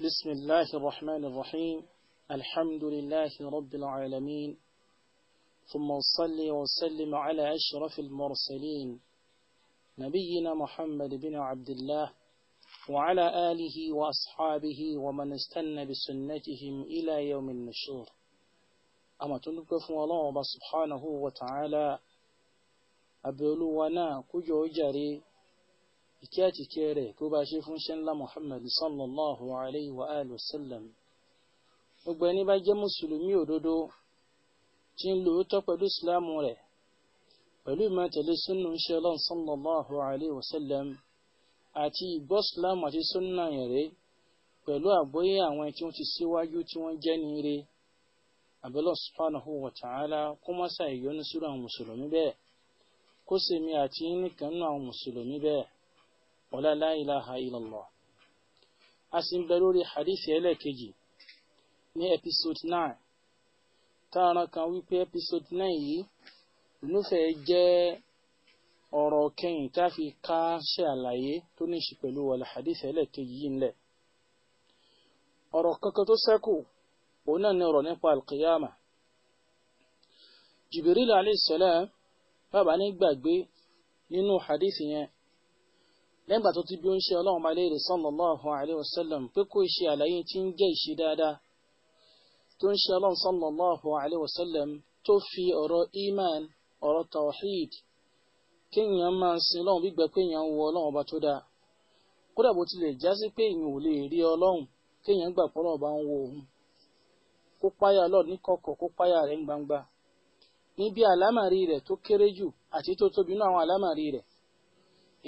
بسم الله الرحمن الرحيم الحمد لله رب العالمين ثم صلي وسلم على أشرف المرسلين نبينا محمد بن عبد الله وعلى آله وأصحابه ومن استنى بسنتهم إلى يوم النشور أما تنقف الله سبحانه وتعالى أبلونا كجو جري ìkẹ́ àti ìkẹ́ rẹ̀ kó bá ṣe fún ṣẹ́ńlá muhammad sallallahu alayhi wa alihi wa sallam gbogbo ẹni bá jẹ́ mùsùlùmí òdodo tí ń lòótọ́ pẹ̀lú ìsìlámù rẹ̀ pẹ̀lú ìmọ̀tẹ̀lé sunnu ń ṣe ọlọ́run sallallahu alayhi wa sallam àti ìgbọ́ ìsìlámù àti sunna yẹ̀rẹ́ pẹ̀lú àgbóyé àwọn tí wọ́n ti síwájú tí wọ́n jẹ́ ní ire abẹ́lọ́ subhanahu wa ta'ala kó má ṣàìyọnu sí àwọn mùsùlùmí bẹ́ẹ̀ kó sì mi àti nìkan nínú àwọn mùsùlùmí bẹ́ẹ̀ ọlá la ilaha illallah a sì ń bẹ lórí hadithi ẹlẹ́ẹ̀kejì ní episode nine táàrán kan wípé episode nine yìí lúfẹ̀ jẹ́ ọ̀rọ̀ kẹyìn tá a fi ká ṣe àlàyé tó ní ṣe pẹ̀lú wàlẹ̀ hadith ẹlẹ́ẹ̀kejì yìí ńlẹ̀ ọ̀rọ̀ kankan tó ṣẹ́kù òun náà ní ọ̀rọ̀ nípa alqiyama Jibril alayhi salam bàbá ní gbàgbé nínú hadith yẹn lẹ́gbà tó ti bí ó ń ṣe ọlọ́run ọba léèrè sallallahu alayhi wa sallam pé kó ṣe àlàyé tí ń jẹ́ ìṣe dáadáa tó ń ṣe ọlọ́run sallallahu alayhi wa sallam tó fi ọ̀rọ̀ iman ọ̀rọ̀ tawhid kéèyàn máa sin ọlọ́run bí gbẹ pé èèyàn ń wo ọlọ́run ọba tó dáa kódà bó tilẹ̀ já sí pé èèyàn ò lè rí ọlọ́run kéèyàn gbà pọ́nlọ́ ọba ń wo òun kó páyà ọlọ́run ní kọ̀kọ̀ kó páyà rẹ̀ ń gbangba níbi àlámàrí rẹ̀ tó kéré jù àti tó tóbi nínú àwọn àlámàrí rẹ̀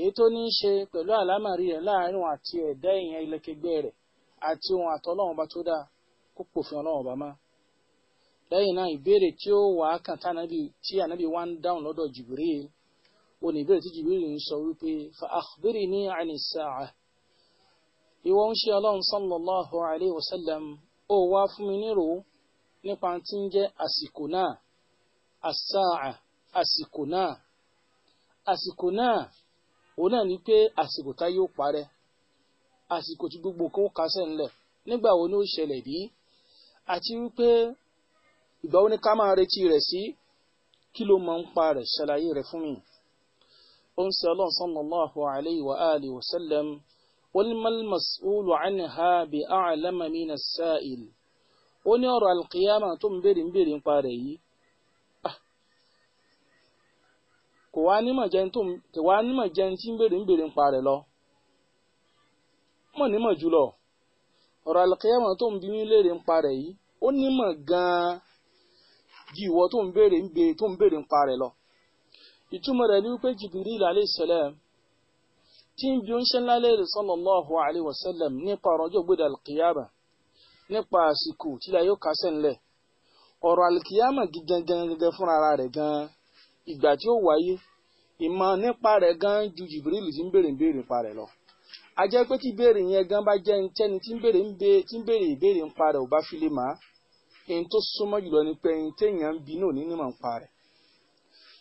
èyí tó ní í ṣe pẹ̀lú àlámàrí rẹ̀ láàrin òun àti ẹ̀dá èèyàn ilẹ̀kẹgbẹ́ rẹ̀ àti òun àtọ́lọ́run ọba tó dáa kó pòfin ọlọ́run ọba má. lẹ́yìn náà ìbéèrè tí ó wà á kàn tánàbí tí ànábì wá ń dáhùn lọ́dọ̀ Jibril ó ní ìbéèrè tí Jibril ń sọ wípé fa akhbirni ani sa'a ìwọ ń ṣe ọlọ́run sallallahu alayhi wa ó wá fún mi nírò nípa tí ń jẹ́ àsìkò náà as àsìkò náà àsìkò náà òun náà ni pé àsìkò tá yóò parẹ́ àsìkò tí gbogbo kan ó kásẹ̀ ńlẹ̀ nígbà wo ni ó ṣẹlẹ̀ bí àti wípé ìgbà wo ni ká máa retí rẹ̀ sí kí ló máa ń pa rẹ̀ ṣàlàyé rẹ̀ fún mi. ó ń sọ ọlọ́run sallallahu alayhi wa alihi wa sallam ó ní mal mas'ulu anha bi a'lama min as ó ní ọ̀rọ̀ alqiyama tó ń béèrè ń béèrè ń pa rẹ̀ yìí kò wá nímọ̀ jẹun tó kò wá nímọ̀ jẹun tí ń béèrè ń béèrè ń pa rẹ̀ lọ mọ̀ nímọ̀ jùlọ ọ̀rọ̀ àlùkìyàmọ̀ tó ń bí léèrè ń pa rẹ̀ yìí ó nímọ̀ gan-an ju ìwọ tó ń ń tó ń ń pa rẹ̀ lọ ìtumọ̀ rẹ̀ ni wípé alayhi salam tí ń bí oúnṣẹ́ ńlá léèrè alayhi wa nípa ọ̀rọ̀ alkiyama ìgbà tí ó wáyé ìmọ̀ nípa rẹ̀ gan ju Jibril tí ń béèrè ìbéèrè nípa rẹ̀ lọ. a jẹ́ pé tí ìbéèrè yẹn gan bá jẹ́ ẹni tí ń béèrè ìbéèrè nípa rẹ̀ ò bá fi lè máa ẹni tó súnmọ́ jùlọ ni pé ẹni téèyàn ń bi náà ní nímọ̀ nípa rẹ̀.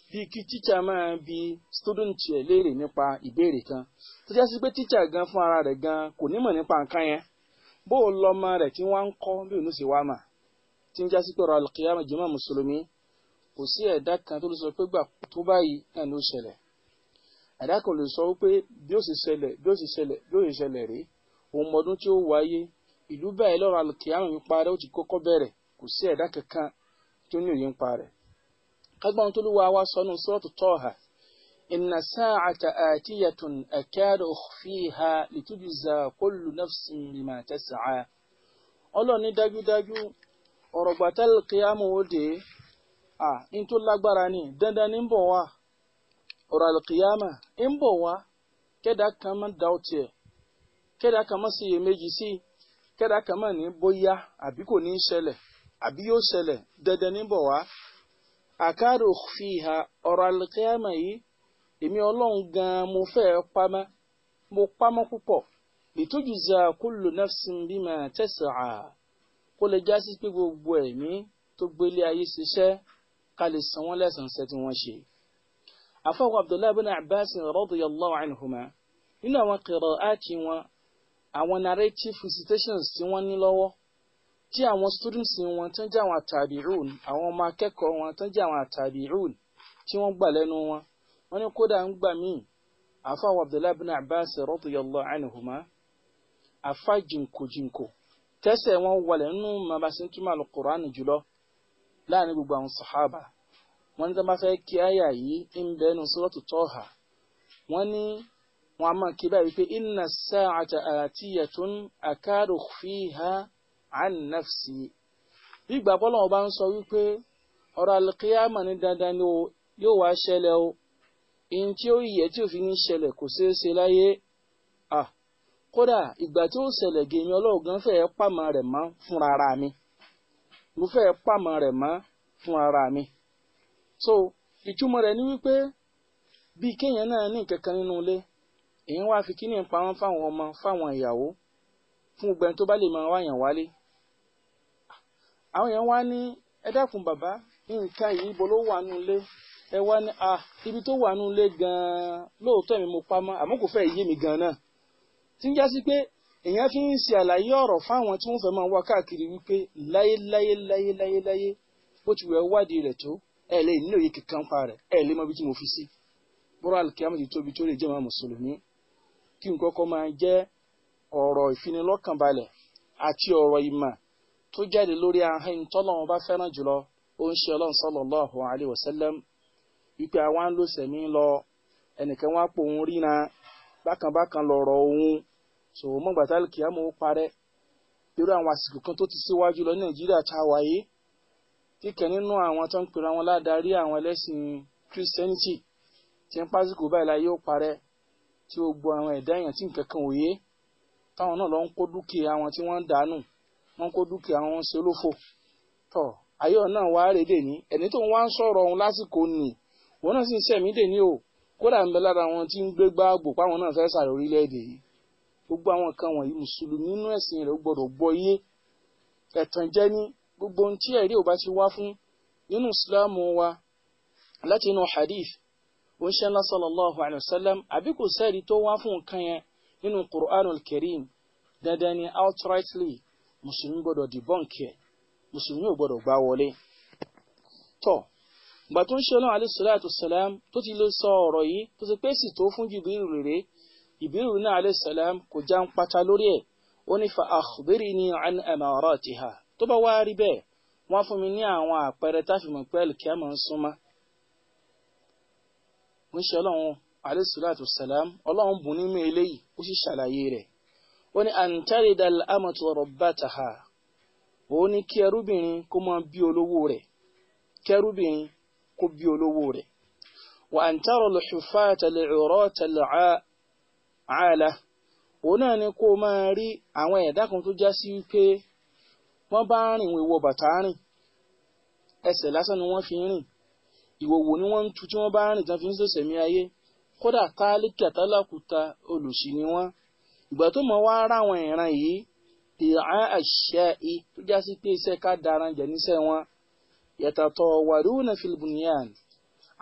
bí kí tíṣà máa bi student ẹ̀ léèrè nípa ìbéèrè kan tó jẹ́ sí pé tíṣà gan fún ara rẹ̀ gan kò nímọ̀ nípa nǹkan yẹn bó o lọ́mọ rẹ̀ tí wọ́n ń kọ́ bí òun ṣe wá mà tí ń jásí pé ọ̀rọ̀ alùkìyàmọ̀ jùmọ̀ mùsùlùmí kò sí ẹ̀dá kan tó lè sọ pé gbà tó báyìí náà ló ṣẹlẹ̀ ẹ̀dá kan lè sọ pé bí ó sì ṣẹlẹ̀ bí ó sì ṣẹlẹ̀ bí ó sì ṣẹlẹ̀ rèé òun mọdún tí ó wáyé ìlú bẹ́ẹ̀ lọ́rọ̀ alùkìyàmù ń parẹ́ ó ti kọ́kọ́ bẹ̀rẹ̀ kò sí ẹ̀dá kankan tó ní òye ń parẹ́ kágbọ́n tó ló wá wá sọnù sọ́ọ̀tù tọ́ọ̀hà inna sa'ata atiyatun akadu ukhfiha litujza kullu nafsin bima tas'a ọlọ́ọ̀ni a in tun lagbara ni dandan in bɔ wa oral qiyama kama daw tiɛ kama se ye meji si kɛda kama ni bo ya abi ko ni sɛlɛ abi yo sɛlɛ dandan in fi ha oral yi emi ɔlɔn gan mo fɛ pama mo pama pupɔ lituzza kullu nafsin bima tasa'a kò lè jásí pé gbogbo ẹ̀mí tó gbélé ayé ṣiṣẹ́. ká lè san wọ́n lẹ́san iṣẹ́ tí wọ́n ṣe. àfọwọ́ abdullahi bin abbas radiyallahu anhuma nínú àwọn qira'ati wọn àwọn narrative recitations tí wọ́n ní lọ́wọ́ tí àwọn students wọn tó ń jẹ́ àwọn àtàbíùn àwọn ọmọ akẹ́kọ̀ọ́ wọn tó ń jẹ́ àwọn àtàbíùn tí wọ́n gbà lẹ́nu wọn wọ́n ní kódà ń gbà míì àfọwọ́ abdullahi bin abbas radiyallahu anhuma àfa jìnkòjìnkò tẹ́sẹ̀ wọn wọlé nínú mabasintuma alukur'an jùlọ láàrin gbogbo àwọn sàhábà wọ́n ní tí wọ́n bá fẹ́ kí àyà yìí ń bẹ nínú Suratu Taha ní a máa kí báyìí pé inna as-sa'ata atiyatun akadu ukhfiha ìgbà bọ́lá wọn bá ń sọ wípé ọ̀rọ̀ o ihun tí ó yẹ tí òfin ní ṣẹlẹ̀ kò ṣeé ṣe láyé kódà ìgbà tí ó ṣẹlẹ̀ gèmi ọlọ́ọ̀gán fẹ́ẹ́ pàmò rẹ̀ mọ́ mo fẹ́ pàmò rẹ̀ mọ́ fún ara mi so ìtumọ̀ rẹ̀ ni wípé bíi kéèyàn náà ní nǹkan kan nínú ilé èyí wá fi kíní pamọ́ fáwọn ọmọ fáwọn ìyàwó fún gbẹ̀n tó bá lè máa wáyàn wálé àwọn èèyàn wá ní ẹ dákun bàbá nǹkan yìí ibo ló wà nù ilé ẹ wá ní à ah, ibi tó wà nù ilé gan-an lóòótọ́ mi mo pamọ́ àmọ́ kò fẹ́ yé mi gan-an náà tí ń já pé èèyàn fi ń ṣe àlàyé ọ̀rọ̀ fáwọn tí wọ́n fẹ́ máa wá káàkiri wípé láyéláyé láyéláyé láyé bó ti wẹ̀ wádìí rẹ̀ tó ẹ̀ lè nílò yìí kankan pa rẹ̀ ẹ̀ lè mọ ibi tí mo fi sí bọ́rọ̀ alikiyama ti tóbi tó lè jẹ́ máa mùsùlùmí kí n kọ́kọ́ máa jẹ́ ọ̀rọ̀ ìfinilọ́kànbalẹ̀ àti ọ̀rọ̀ ìmà tó jáde lórí ahọ́n tọ́lọ́run bá fẹ́ràn jùlọ ó ń ṣe ọlọ́run alaihi wasallam wípé àwa ń lò sẹ̀mí na bákan bákan lọ̀rọ̀ so mọ̀gbà tá kìámù ó parẹ́ irú àwọn àsìkò kan tó ti síwájú lọ ní nàìjíríà tá a wáyé kíkẹ́ nínú àwọn tó ń pera wọn ládarí àwọn ẹlẹ́sìn kírísítẹ́nìtì tí ń pásíkò báyìí láyé ó parẹ́ tí gbogbo àwọn ẹ̀dá èèyàn tí nǹkan kan òye táwọn náà lọ ń kó dúkìá wọn tí wọ́n ń dànù wọ́n ń kó dúkìá wọn ṣe lófò tọ́ ayé ọ̀nà wa rèédè ní ẹni tó ń wá ń sọ̀rọ̀ ọ̀hún lásìkò nì wọ́n náà sì ń sẹ̀mí dè ní o kódà ń bẹ lára wọn tí ń gbégbá àgbò páwọn náà fẹ́ sàrò orílẹ̀-èdè yìí gbogbo àwọn nǹkan wọ̀nyí mùsùlùmí inú ẹ̀sìn rẹ̀ gbọ́dọ̀ gbọ́ yé ẹ̀tàn jẹ́ ní gbogbo ohun tí ẹ̀rí ò bá ti wá fún nínú ìsìláàmù wa láti inú hadith oníṣẹ́lá sallallahu alayhi wa sallam àbí kò sẹ́ẹ̀rí tó wá fún nǹkan yẹn nínú Qur'anul Karim dandan ni outrightly mùsùlùmí gbọ́dọ̀ debunk ẹ̀ mùsùlùmí ò gbọ́dọ̀ gbá wọlé. tọ́ gbàtúnṣe náà alayhi salatu salam tó ti lè sọ ọ̀rọ̀ yìí tó ti pèsè tó fún Jibril rèé ìbírù náà alayhi salam kò já ń pátá lórí ẹ̀ ó ní fa akhbirni an amaratiha tó bá wá rí bẹ́ẹ̀ wọ́n fún mi ní àwọn àpẹẹrẹ táfìmọ̀ pẹ́ẹ́lì kí a máa ń súnmọ́ ń ṣe ọlọ́run alayhi salatu salam ọlọ́run bùn nínú eléyìí ó sì ṣàlàyé rẹ̀ ó ní antaridal amatu rabbataha ó ní kí ẹrúbìnrin kó máa bí olówó rẹ̀ kí ẹrúbìnrin kó bí olówó rẹ̀ wa antara al-hufata al-urata àálà òun náà ni kó máa rí àwọn ẹ̀dá kan tó já sí wípé wọ́n bá rìn ìwọ bàtà rìn ẹsẹ̀ lásán ni wọ́n fi ń rìn ìwòwò ni wọ́n ń tu tí wọ́n bá rìn tán fi ń ṣẹ̀ṣẹ̀mí ayé kódà tálíkì àtàlákùtà olùsí ni wọ́n ìgbà tó mọ̀ wá ara àwọn ìran yìí tìrán àṣẹ i tó já sí pé iṣẹ́ ká daran jẹ̀ níṣẹ́ wọn yàtàtọ̀ wàdúùnà filibuniyan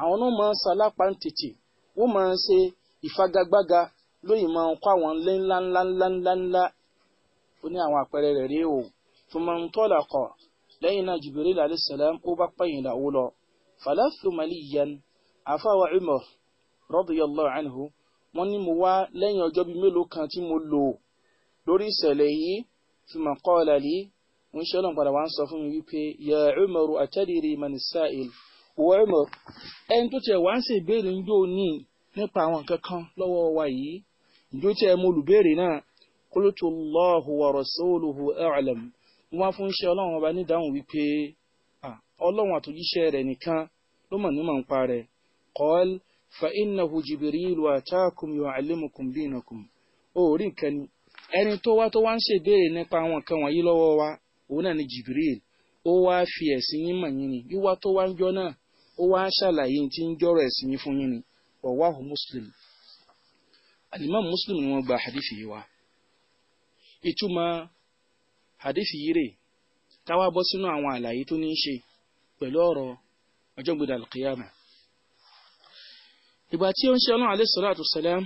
àwọn náà máa ń salápá ń tètè wọ́n máa ń ṣe ìfagagbága lóyìn máa ń kọ́ àwọn ńlẹ ńlá ńlá ńlá ńlá ńlá ó ní àwọn àpẹẹrẹ rẹ̀ rí o tùmọ̀n tọ́lá kọ̀ lẹ́yìn náà Jibril alayhis salam ó bá pẹ̀yìn làwọ́ lọ falastu maliyan afáwa Umar radiyallahu anhu wọ́n ní mo wá lẹ́yìn ọjọ́ bíi mélòó kan tí mo lò lórí ìṣẹ̀lẹ̀ yìí thumma qala li ń ṣe ọlọ́run padà wá ń sọ fún mi wípé ya Umaru atadiri man sa'il wọ ẹni tó tiẹ̀ wá ń ṣèbéèrè ń yóò ní nípa àwọn nǹkan lọ́wọ́ wa yìí ìjó tí ẹ mú olùbéèrè náà qultu o wa rasuluhu a'lam wọ́n wá fún iṣẹ́ ọlọ́run ọba nídàáhùn wípé ọlọ́run àtòjíṣẹ́ rẹ̀ nìkan ló mọ̀ nímọ̀ rẹ̀ fa innahu jibril atakum yu'allimukum dinakum òórí nǹkan ni ẹni tó wá tó wá ń ṣèbéèrè nípa àwọn nǹkan wọ̀nyí lọ́wọ́ wa òun náà ni jibril ó wá fi ẹ̀sìn yín mọ̀ yín ni wíwá tó wá ń jọ náà ó wá ṣàlàyé ń jọ́rọ̀ ẹ̀sìn muslim alimami muslim ni wọ́n gba hadith yìí wá ìtumọ̀ hadith yìí rè káwá bọ́ sínú àwọn àlàyé tó ní í ṣe pẹ̀lú ọ̀rọ̀ ọjọ́ gbọdọ̀ alqiyama ìgbà tí ó ń ṣe ọlọ́run alayhi salatu salam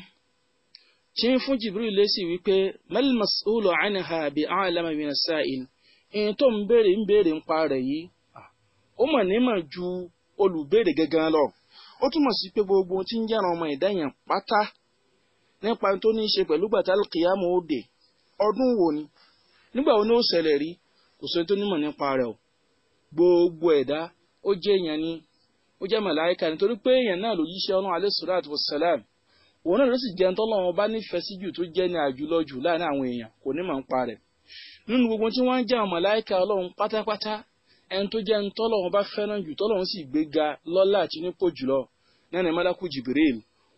tí ń fún jibril lésì wípé mal mas'ulu anha bi a'lama min as-sa'il ìyẹn tó ń béèrè ń béèrè ń pa rẹ̀ yìí ó mọ̀ ní ju olùbéèrè gangan lọ ó túmọ̀ sí pé gbogbo ohun tí ń ọmọ ìdáyàn pátá nípa tó ní í ṣe pẹ̀lú gbàtà kìyàmù òde ọdún wo ni nígbà wo ni ó ṣẹlẹ̀ rí kò sọ tó nímọ̀ nípa rẹ̀ o gbogbo ẹ̀dá ó jẹ́ èèyàn ni ó jẹ́ màláíkà nítorí pé èèyàn náà ló yíṣẹ́ ọlọ́run alẹ́ sùràt wasalam òun náà ló sì jẹun ọba nífẹ̀ẹ́ sí jù tó jẹ́ ní àjùlọ jù láàrin àwọn èèyàn gbogbo tí wọ́n ń jẹ́ àwọn ọlọ́run pátápátá ẹni tó jẹ́ ní bá fẹ́ràn jù sì gbéga Jibril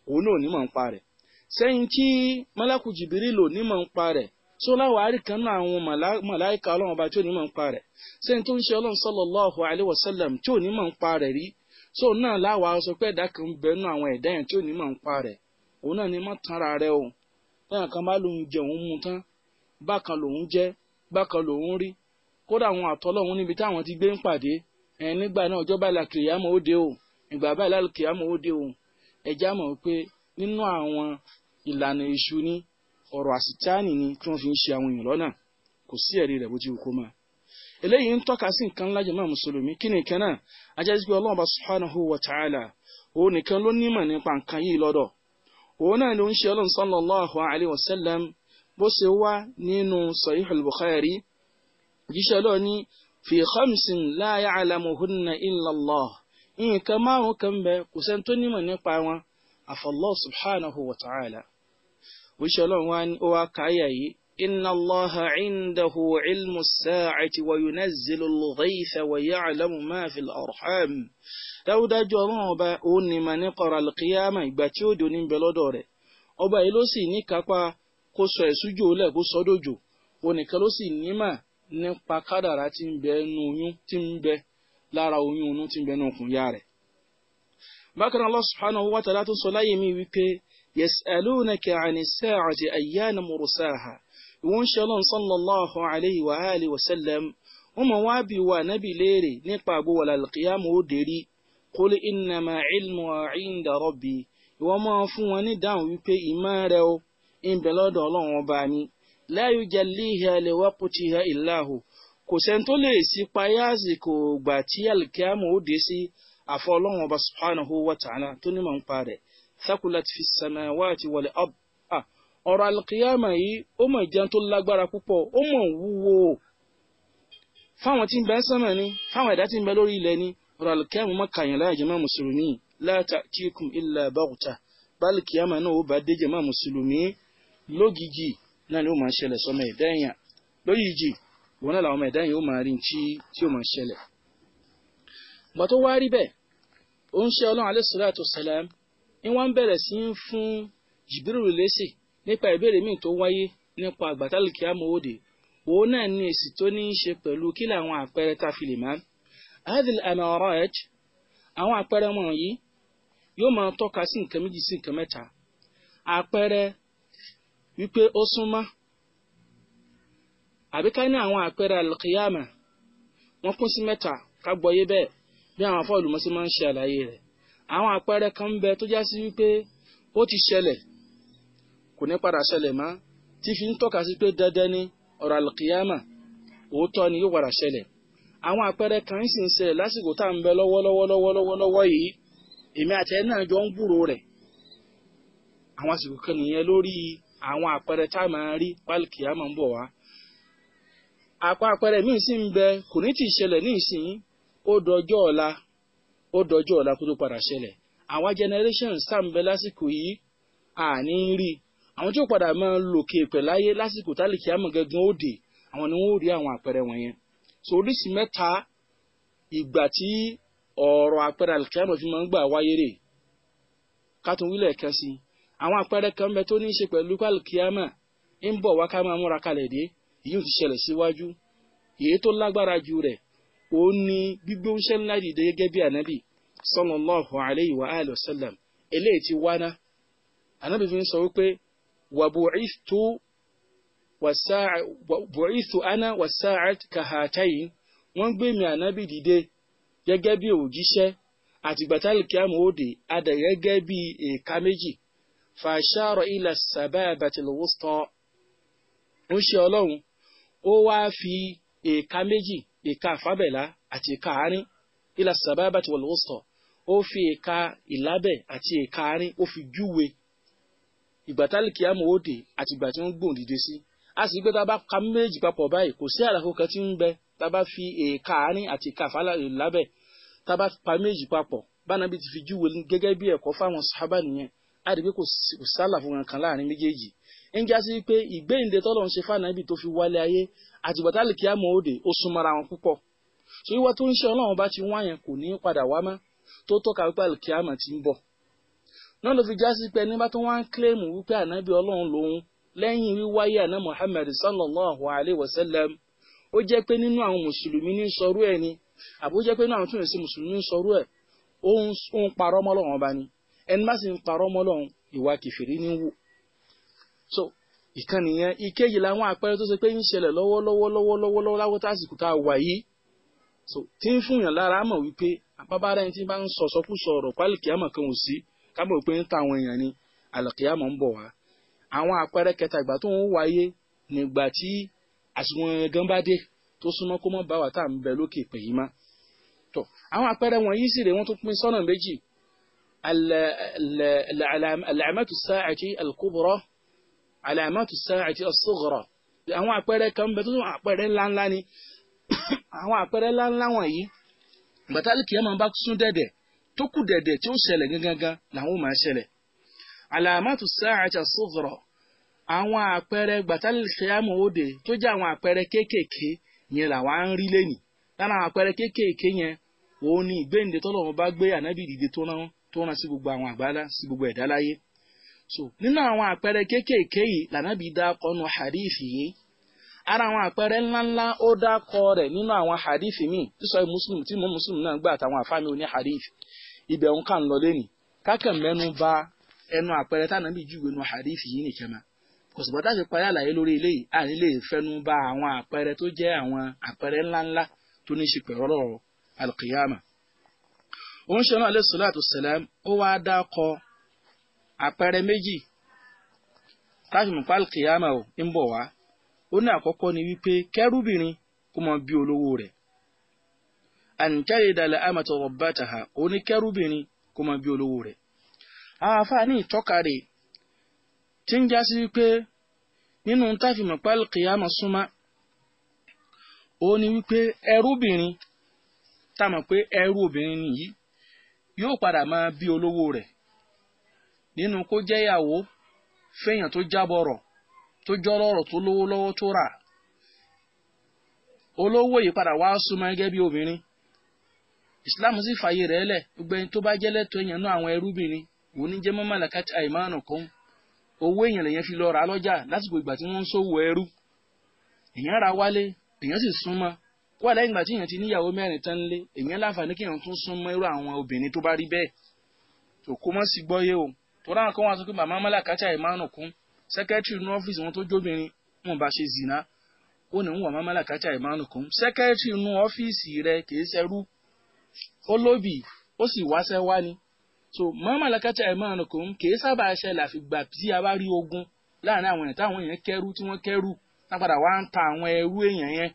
òun sẹ́yìn tí mọ́lákù jìbìrìlò nímọ̀ ń pa rẹ̀ so láwàá rí kan náà àwọn màláìka ọlọ́run ọba tí ò nímọ̀ ń pa rẹ̀ sẹ́yìn tó ń ṣe ọlọ́run sallallahu alaihi wasallam tí ò nímọ̀ ń pa rẹ̀ rí so náà láwàá sọ pé ẹ̀dá kan bẹ nú àwọn ẹ̀dá yẹn tí ò nímọ̀ ń pa rẹ̀ òun náà ni mọ́ tanra rẹ̀ o báyà kan bá lóun jẹ òun mu tán bákan lòun jẹ bákan lòun rí kódà àwọn àtọ́lọ́hún níbi táwọn ti gbé ń pàdé ẹ̀yìn nígbà náà ọjọ́ báyìí làkìyàmọ̀ ó dé o ìgbà báyìí làkìyàmọ̀ ó dé o ẹ̀já mọ̀ pé nínú àwọn ìlànà èṣù ni ọ̀rọ̀ àsìtáàní ni tí wọ́n fi ń ṣe àwọn èèyàn lọ́nà kò sí ẹ̀rí rẹ̀ bójú kó máa eléyìí ń tọ́ka sí nǹkan ńlá jàmáà mùsùlùmí kí nìkan náà ajá sí pé ọlọ́run bá subhanahu wa ta'ala òun nìkan ló nímọ̀ nípa nǹkan yìí lọ́dọ̀ òun náà ló ń ṣe ọlọ́run sallallahu alayhi wa sallam bó ṣe wá nínú sahih al subhanahu wa ta'ala òṣìṣẹ́ ọlọ́run wá ní ó wá káyà yìí inna allaha indahu ilmu sa'ati wa yunazzilu al-ghaytha wa ya'lamu ma fi al-arham dáúdájú ọlọ́run ọba òun ni mà ní kọ̀rọ̀ alqiyama ìgbà tí ó dòní bẹ lọ́dọ̀ rẹ̀ ọba yìí ló sì ní kápá kó sọ ẹ̀sújò lẹ̀ kó sọ dòjò onìkan ló sì nímà nípa kádàrá tí ń bẹ nínú oyún tí ń bẹ lára oyún inú tí ń bẹ nínú okùn yá rẹ̀. bákan náà Allah subhanahu wa ta'ala tó sọ láyé mi wípé yas'alunaka 'ani as-sa'ati ayyana mursaha ìwọ́n ṣe ọlọ́run sallallahu alayhi wa alihi wa sallam wọ́n mọ̀ wá bí wa nábì léèrè nípa àgbówọ̀ làlùkìyàmù ó dérí qul innama ilmu 'inda rabbi ìwọ́n máa fún wọn ní dáhùn wípé ìmọ̀ rẹ̀ o ń bẹ lọ́dọ̀ ọlọ́run ọba mi la yujalliha liwaqtiha illa hu kò sẹ́ni tó lè sí payá àsìkò ìgbà tí àlùkìyàmù ó dé sí àfọ́ ọlọ́run ọba subhanahu wa ta'ala tó ní mọ̀ ń pa rẹ̀ thakulat fi samawati wal ard ọ̀rọ̀ alkiyama yìí ó mọ̀ jẹun tó lágbára púpọ̀ ó mọ̀ wúwo fáwọn tí ń bẹ sánmà ni fáwọn ẹ̀dá tí ń bẹ lórí ilẹ̀ ni ọ̀rọ̀ alkiyama mọ̀ kàyàn láyà jẹ́ mọ́ mùsùlùmí la ta'tikum illa baghta bálkiyama náà ó bá dé jẹ́ mọ́ mùsùlùmí lógìjì náà ni ó máa ṣẹlẹ̀ sọmọ ẹ̀dá èèyàn lóyìjì náà làwọn ọmọ ẹ̀dá ó máa rí tí tí ó máa ṣẹlẹ̀ gbà wá rí bẹ́ẹ̀ ó ń ṣe ọlọ́run alayhi salatu wassalam ni wọ́n ń bẹ̀rẹ̀ sí ń fún Jibril lésì nípa ìbéèrè míì tó wáyé nípa àgbàtàlùkì amòwòde òun náà ní èsì tó ní í ṣe pẹ̀lú kí làwọn àpẹẹrẹ ta fi lè má. adil amaraj àwọn àpẹẹrẹ wọ̀nyí yóò máa tọ́ka sí nǹkan méjì sí nǹkan mẹ́ta àpẹẹrẹ wípé ó súnmọ́ àbí ní àwọn àpẹẹrẹ alqiyama wọ́n kún sí mẹ́ta ká gbọ́yé bẹ́ẹ̀ bí àwọn afọ́ olùmọ́sí máa ń ṣe àlàyé rẹ̀ àwọn àpẹẹrẹ kan ń bẹ tó já sí wípé ó ti ṣẹlẹ̀ kò ní padà ṣẹlẹ̀ mọ́ tí fi ń tọ́ka sí pé dandan ni ọ̀rọ̀ àlùkìyàmà òótọ́ ni yóò padà ṣẹlẹ̀ àwọn àpẹẹrẹ kan sì ń ṣẹlẹ̀ lásìkò tá à ń bẹ lọ́wọ́lọ́wọ́lọ́wọ́ yìí èmi àti ẹ náà jọ ń gbúrò rẹ̀ àwọn àsìkò kan nìyẹn lórí àwọn àpẹẹrẹ tá a máa rí pálíkìyàmà ń bọ̀ wá àpá àpẹẹrẹ míì sì ń bẹ kò ní ti ṣẹlẹ̀ ní ìsìn ó dọjọ́ ọ̀la ó dọjọ́ ọ̀la kó tó padà ṣẹlẹ̀ àwa generation sàǹbẹ lásìkò yìí àní ń rí àwọn tí ó padà máa ń lòkè pẹ̀láyé lásìkò tálíkì àmọ̀ gangan ó dé àwọn ni wọ́n ó rí àwọn àpẹẹrẹ wọ̀nyẹn so oríṣi mẹ́ta ìgbà tí ọ̀rọ̀ àpẹẹrẹ àlìkíyàmọ̀ fi máa ń gbà wáyé rè kátó wílẹ̀ kan sí àwọn àpẹẹrẹ kan bẹ tó ní í ṣe pẹ̀lú àlìkíyàmọ̀ ń bọ̀ wá ká kalẹ̀ dé èyí ò ti ṣẹlẹ̀ síwájú èyí tó lágbára ju rẹ̀ òun ni gbígbé oúnṣẹ́ ńlá dìde gẹ́gẹ́ bí ànábì sallallahu alayhi wa alihi wa sallam eléyìí ti wá ná ànábì fi ń sọ wípé wà bu'ithu ana wasa'at kahatayin wọ́n gbé mi ànábì dìde gẹ́gẹ́ bí òjíṣẹ́ àtìgbàtálì kíámù òde adà gẹ́gẹ́ bí èka méjì fàṣàrọ̀ ila sababatil wusta ń ṣe ọlọ́run ó wá fi èka méjì ìka àfábẹ̀lá àti ìka àárín ilà sàbábàtì wal wusta ó fi ìka ìlábẹ̀ àti ìka àárín ó fi júwe ìgbà tálíkì amòhóde àti ìgbà tí wọ́n gbòòn dìde sí a sì gbé tá a bá ka méjì papọ̀ báyìí kò sí àlàfo kan tí ń bẹ tá a bá fi ìka àárín àti ìka àfálábẹ̀ tá a bá pa méjì papọ̀ bánabi ti fi júwe gẹ́gẹ́ bí ẹ̀kọ́ fáwọn sàhábà nìyẹn a rí i pé kò sálà kankan láàrin méjèèjì ń já sí pé ìgbéyìnde tọ́lọ̀ ń ṣe fànàbì tó fi wálé ayé àtìgbàtálì kí á mọ òde ó súnmọ́ra wọn púpọ̀ so ìwà tó ń ṣe ọlọ́run bá ti wá yẹn kò ní padà wá mọ́ tó tọ́ka wípé àlùkìyàmọ̀ ti ń bọ̀ náà ló fi já sí pé nígbà tó wá ń kílèmù wípé ànábì ọlọ́run lòun lẹ́yìn wíwáyé àná Muhammad sallallahu alayhi wa sallam ó jẹ́ pé nínú àwọn mùsùlùmí ní sọrú ẹ̀ ni àbó jẹ́ pé nínú àwọn túnbẹ̀ sí mùsùlùmí ní sọrú ẹ̀ ó ni ẹni so ìkan nìyẹn ìkejì làwọn àpẹẹrẹ tó ṣe pé ń ṣẹlẹ̀ lọ́wọ́lọ́wọ́ lọ́wọ́lọ́wọ́ láwọn tásìkò tá a wà yìí so tí ń fún yàn lára mọ̀ wípé àbábára ẹni tí bá ń sọ sọkúsọ ọ̀rọ̀ pálíkìámọ̀ kan ò sí kábọ̀ pé ń ta àwọn èèyàn ni àlọ́kìámọ̀ ń bọ̀ wá àwọn àpẹẹrẹ kẹta ìgbà tó ń wáyé nígbà tí àsìwọ̀n gan bá dé tó súnmọ́ kó mọ́ bá wà tá à ń bẹ lókè pè yí má tọ̀ àwọn àpẹẹrẹ wọ̀nyí sì rè wọ́n tó pín sọ́nà méjì al-alamatu as-sa'ati al-kubra alamatu sa'ati as-sughra àwọn àpẹẹrẹ kan bẹ tó tún àpẹẹrẹ ńláńlá ni àwọn àpẹẹrẹ ńláńlá wọ̀nyí bàtàlì kìí máa bá sún dẹ̀dẹ̀ tó kù dẹ̀dẹ̀ tí ó ṣẹlẹ̀ gangan làwọn máa ṣẹlẹ̀ alamatu sa'ati as-sughra àwọn àpẹẹrẹ bàtàlì kìí máa ó de tó jẹ́ àwọn àpẹẹrẹ kéékèèké yẹn làwọn á ń rí lẹ́nìí lára àwọn àpẹẹrẹ kéékèèké yẹn òun ni ìgbéǹde tọ́lọ́run bá gbé ànábì dìde tó rán sí gbogbo àwọn àgbálá sí gbogbo ẹ̀dá láyé so nínú àwọn àpẹẹrẹ kéékèèké yìí lànàbí dákọ nu hadithi yìí ara àwọn àpẹẹrẹ ńláńlá ó dákọ rẹ̀ nínú àwọn hadithi míì tí sọ muslim tí mo muslim náà gbà àtàwọn àfáàmì oní hadith ibẹ̀ ń kà ń lọ lẹ́nì kákẹ́ mẹ́nu bà ẹnu àpẹẹrẹ tànàbí júwe nu hadith yìí nìkan ma kò sì bọ́tà ṣe parí àlàyé lórí eléyìí à lè fẹ́nu bà àwọn àpẹẹrẹ tó jẹ́ àwọn àpẹẹrẹ ńláńlá tó ní í àpẹẹrẹ méjì táṣùmù pálkìyàmà ò ń bọ̀ wá ó ní àkọ́kọ́ ni wípé kẹ́rúbìnrin kó mọ bí olówó rẹ̀ àǹjáde ìdàlẹ̀ àmàtọ̀rọ̀ bàtàhà ó ní kẹ́rúbìnrin kó mọ bí olówó rẹ̀ àfààní ìtọ́ka rẹ̀ tí ń já sí wípé nínú táṣùmù pálkìyàmà súnmá ó ní wípé ẹrúbìnrin pé ẹrú obìnrin nìyí yóò padà máa nínú kó jẹ́ ìyàwó fẹ́yàn tó jábọ̀rọ̀ tó jọ́lọ́rọ̀ tó lówó lọ́wọ́ tó rà olówó yìí padà wá súnmọ́ gẹ́gẹ́ bí obìnrin Islam sì fààyè rẹ̀ lẹ̀ gbogbo ẹni tó bá jẹ́ lẹ́tọ̀ọ́ èèyàn náà àwọn ẹrúbìnrin òun ní jẹ́ mọ́mọ́ làkàtà àìmánà kan owó èèyàn lèyàn fi lọ rà lọ́jà lásìkò ìgbà tí wọ́n ń ṣòwò ẹrú èèyàn ra wálé èèyàn sì súnmọ́ wà lẹ́yìn ìgbà tí èèyàn ti níyàwó mẹ́rin tán lé èèyàn láǹfààní kéèyàn tún súnmọ́ irú àwọn obìnrin tó bá rí bẹ́ẹ̀ òkú mọ́ sí gbọ́yé o tó dáhùn kó wọn sọ pé màmá mọ́làkàtà ìmárùn kún sẹ́kẹ́tìrì inú ọ́fíìsì wọn tó jóbìnrin wọn bá ṣe zìnà ó ní wọn màmá mọ́làkàtà ìmárùn kún sẹ́kẹ́tìrì inú ọ́fíìsì rẹ kìí ṣẹrú ó lóbì ó sì wáṣẹ́ wá ni so màmá mọ́làkàtà ìmárùn kún kìí sábà ṣẹlẹ̀ àfìgbà tí a bá rí ogun láàrin àwọn èèyàn táwọn èèyàn kẹrú tí wọ́n kẹrú tá padà wá ń ta àwọn ẹrú èèyàn yẹn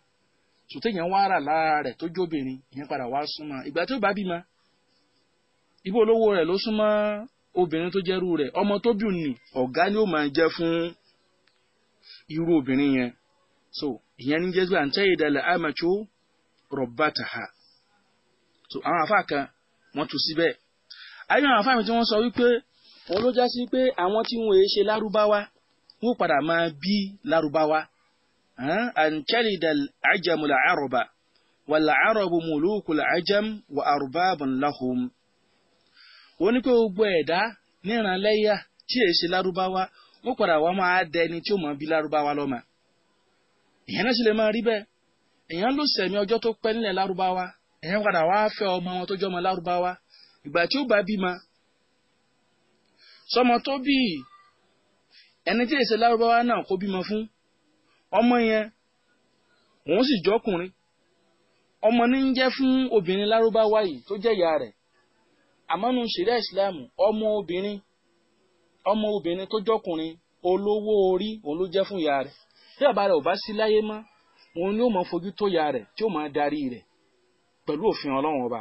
sòtéèyàn wá rà lára rẹ̀ tó jóbìnrin ibo olówó rẹ̀ ló obìnrin tó jẹ́rú rẹ̀ ọmọ tó bí òun ni ọ̀gá ni ó máa jẹ́ fún irú obìnrin yẹn so ìyẹn ní jésù àǹtẹ̀yẹ̀dàlẹ̀ àmàtó rọ̀bàtà ha so àwọn àfa kan wọ́n tú síbẹ̀ ayé àwọn àfa mi tí wọ́n sọ wípé wọ́n ló já sí pé àwọn tí wọ́n èé ṣe lárúbáwá wọ́n padà máa bí lárúbáwá àǹtẹ̀yẹ̀dàl àjàmùlà àrọ̀bà wàlà àrọ̀bù mùlùkùlà àjàm wà àrùbáàbùn láhùn wọ́n ní pé eda ẹ̀dá níranlẹ́yà tí èyí ṣe lárúbáwá wọ́n padà wá máa dẹni tí ó mọ̀ bí larubawa lọ́mọ. ìyẹn náà sì lè máa rí bẹ́ẹ̀ èèyàn ló sẹ̀mí ọjọ́ tó pẹ́ nílẹ̀ lárúbáwá èèyàn padà omo fẹ́ ọmọ wọn tó jọmọ igba ìgbà tí ó bá ma. sọmọ tó bí ẹni tí èyí ṣe ko náà kó fun. fún ọmọ yẹn òun sì jọkùnrin ọmọ ní ń jẹ́ fún obìnrin lárúbáwá yìí tó jẹ́ ìyá àmọ́nu ṣẹ̀ríà Islam ọmọ obìnrin ọmọ obìnrin tó jọkùnrin olówó orí òun ló jẹ́ fún ìyá rẹ̀ tí bàbá rẹ̀ ò bá sí láyé mọ́ òun ni ó máa fojú tó ìyá rẹ̀ tí ó máa darí rẹ̀ pẹ̀lú òfin ọlọ́run ọba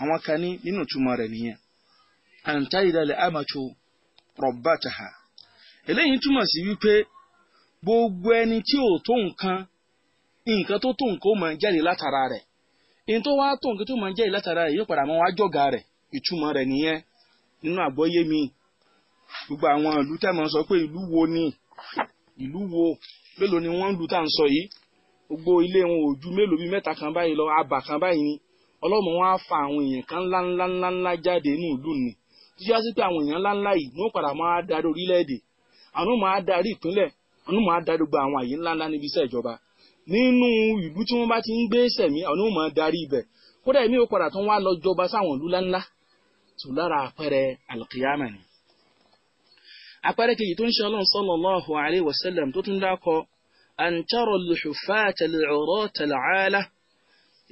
àwọn kan ní gbogbo ẹni tí ò tó nǹkan nǹkan tó tó nǹkan ó máa jáde látara rẹ̀ èyí tó wá tó nǹkan tó máa jáde látara rẹ̀ yóò ìtumọ̀ rẹ̀ nìyẹn nínú àgbọ́yé mi gbogbo àwọn ìlú tẹ̀mọ̀ sọ pé ìlú wo ni ìlú wo mélòó ni wọ́n ń lu tá à ń sọ yìí gbogbo ilé wọn ò ju mélòó bíi mẹ́ta kan báyìí lọ abà kan báyìí ni ọlọ́mọ wọn á fa àwọn èèyàn kan ńláńlá ńláńlá jáde nínú ìlú ni títí wá sí pé àwọn èèyàn ńláńlá yìí wọ́n padà máa darí orílẹ̀-èdè àwọn máa darí ìpínlẹ̀ àwọn máa darí gbogbo àwọn àyè ńláńlá níbi iṣẹ́ ìjọba nínú ìlú tí wọ́n bá ti ń gbé sẹ̀mí àwọn máa darí ibẹ̀ kódà èmi ò padà tán wá lọ jọba sáwọn ìlú ńláńlá tó lára àpẹẹrẹ alkiyama ni àpẹẹrẹ kejì tó ń ṣe ọlọ́run sallallahu alayhi wa sallam tó tún dákọ an tara al-huffata al-urata al-ala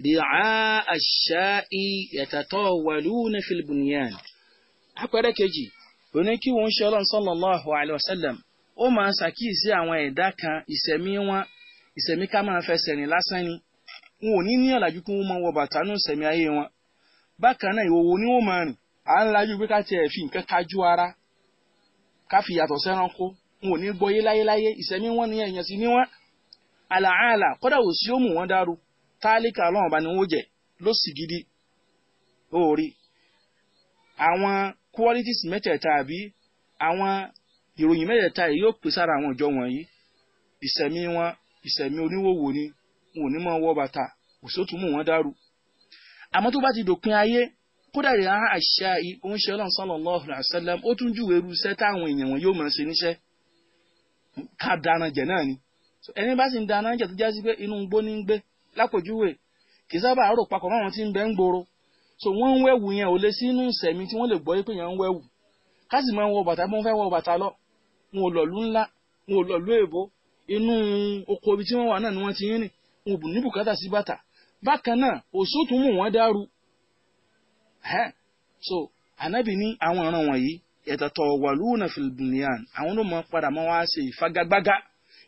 ri'a ash-sha'i yatatawaluna fil bunyan àpẹẹrẹ kejì ó ní kí wọ́n ṣe ọlọ́run sallallahu alayhi wa sallam ó máa ṣàkíyèsí àwọn ẹ̀dá kan ìṣẹ̀mí wọn ìṣẹ̀mí ká máa fẹsẹ̀ rìn lásán à ń lajú pé ká tiẹ̀ fi nǹkan kájú ara ká fi yàtọ̀ sẹ́ranko n ò ní gbọ́yé láyéláyé ìsẹ̀mí wọn ni èèyàn sí ní wọn àlàáàlà kódà ò sí òmù wọn dàrú tálíkà ọlọ́run ọba ni wọ́n jẹ ló sì gidi òòrí àwọn qualities mẹ́tẹ̀ẹ̀ta àbí àwọn ìròyìn mẹ́tẹ̀ẹ̀ta yìí yóò pè sára àwọn ìjọ wọ̀nyí ìsẹ̀mí wọn ìsẹ̀mí oníwòwò ni wọn ò ní mọ̀ wọ bàtà òṣòtúmù wọn dàrú àmọ́ tó bá ti dòpin ayé kódà rẹ̀ á àṣà oúnṣẹ́ ọlọ́run sallallahu alaihi wasallam ó tún júwèé irú iṣẹ́ táwọn èèyàn wọn yóò máa ṣe níṣẹ́ ká dáná jẹ náà ni ẹni bá sì ń dáná jẹ tó já sí pé inú gbó ní gbé lápòjúwe kì í sábà rò papọ̀ mọ́ àwọn tí ń bẹ ń gbòòrò so wọ́n ń wẹ̀wù yẹn ò lè sí inú sẹ̀mí tí wọ́n lè gbọ́ pé yẹn ń wẹ̀wù ká sì máa wọ bàtà bọ́n fẹ́ wọ bàtà lọ wọn ò lọ̀lú so ànábì ní àwọn ọ̀ràn wọ̀nyí ẹ̀tọ̀tọ̀ wàlúùnà fìlbùnìyàn àwọn ló mọ padà mọ́ wá ṣe ìfagagbága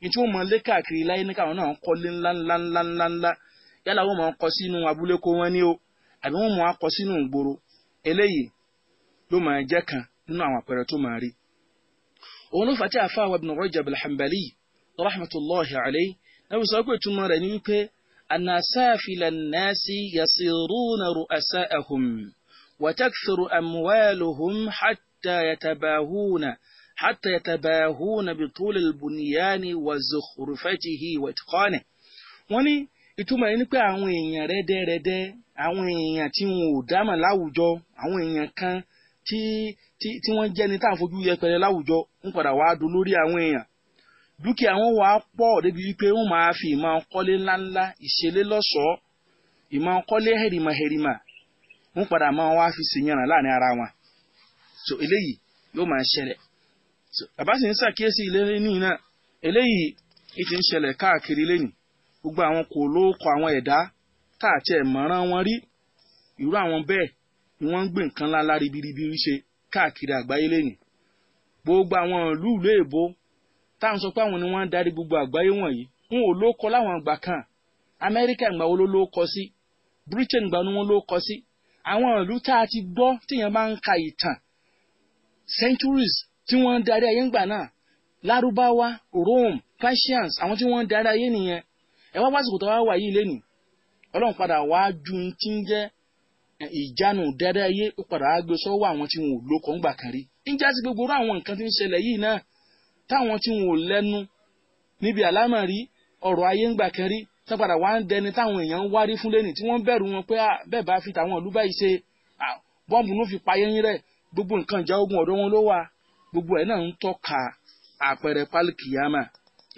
ní tí wọ́n mọ lé káàkiri láyé ní káwọn náà kọ́lé ńláńláńláńlá yálà wọ́n mọ kọ́ sínú abúlé kó wọ́n ní o àbí wọ́n mọ akọ sínú ìgboro eléyìí ló máa jẹ́ kan nínú àwọn àpẹẹrẹ tó máa rí. òun ló fàtí àfa àwọn ibn Rajab al-Hanbali rahmatulahi alayhi náà sọ pé ìtumọ̀ rẹ̀ ni wípé anasafilannasi yasiruna ru'asa'ahum. وتكثر أموالهم حتى يتباهون حتى يتباهون بطول البنيان وزخرفته وإتقانه وني ní ìtumọ̀ yìí ni pé àwọn èèyàn rẹ́dẹ́rẹ́dẹ́ àwọn èèyàn tí wọn ò dámọ̀ láwùjọ àwọn èèyàn kan tí tí tí wọ́n jẹ́ ni tá à ń fojú yẹpẹrẹ láwùjọ ń padà wá do lórí àwọn èèyàn dúkìá wọn wàá pọ̀ débi wípé wọ́n máa fi ìmọ̀ ọkọ́lé ńláńlá ìṣẹ̀lẹ̀ lọ́ṣọ̀ọ́ ìmọ̀ ọkọ́lé hẹ̀rìmàhẹ̀rìmà wọ́n padà máa wá fi ṣèyànràn láàrin ara wọn so eléyìí yóò máa ṣẹlẹ̀ so bàbá sì ń ṣàkíyèsí ìlérí nìyí náà eléyìí ìtì ń ṣẹlẹ̀ káàkiri lẹ́nìí gbogbo àwọn kò lóko àwọn ẹ̀dá tá àti ẹ̀mọ́ràn wọn rí irú àwọn bẹ́ẹ̀ ni wọ́n ń gbé nǹkan ńláńlá ribiribiri ṣe káàkiri àgbáyé lẹ́nìí gbogbo àwọn ìlú ìlú èbó tá à ń sọ pé àwọn ni wọ́n ń darí gbogbo àgbáyé wọ̀nyí wọn ò lóko láwọn ìgbà kan amẹ́ríkà ìgbà wo ló lóko sí britain ìgbà wo ni wọ́n sí àwọn ìlú tá a ti gbọ́ téèyàn bá ń ka ìtàn centuries tí wọ́n ń darí ayé ńgbà náà lárúbáwá Rome Persians àwọn tí wọ́n ń darí ayé nìyẹn ẹ wá pásítọ̀ tó wá wà yìí lẹ́nu ọlọ́run padà wá ju ti ń jẹ́ ìjánu darí ayé ó padà wá gbé sọ́wọ́ àwọn tí wọn ò lókọ̀ ńgbà kan rí níjà sí gbogbo àwọn nǹkan tí ń ṣẹlẹ̀ yìí náà táwọn tí wọn ò lẹ́nu níbi àlámọ̀rí ọ̀rọ̀ ayé ńgbà kan rí tó padà wá ń dẹni táwọn èèyàn ń wárí fún lẹ́nì tí wọ́n bẹ̀rù wọn pé ah, bẹ́ẹ̀ bá fi tàwọn ìlú báyìí ṣe ah, bọ́ǹbù ló fi payé yín rẹ̀ gbogbo nǹkan ìjà ogun ọ̀dọ̀ wọn ló wà gbogbo ẹ̀ náà ń tọ́ka àpẹẹrẹ pálíkìyàmà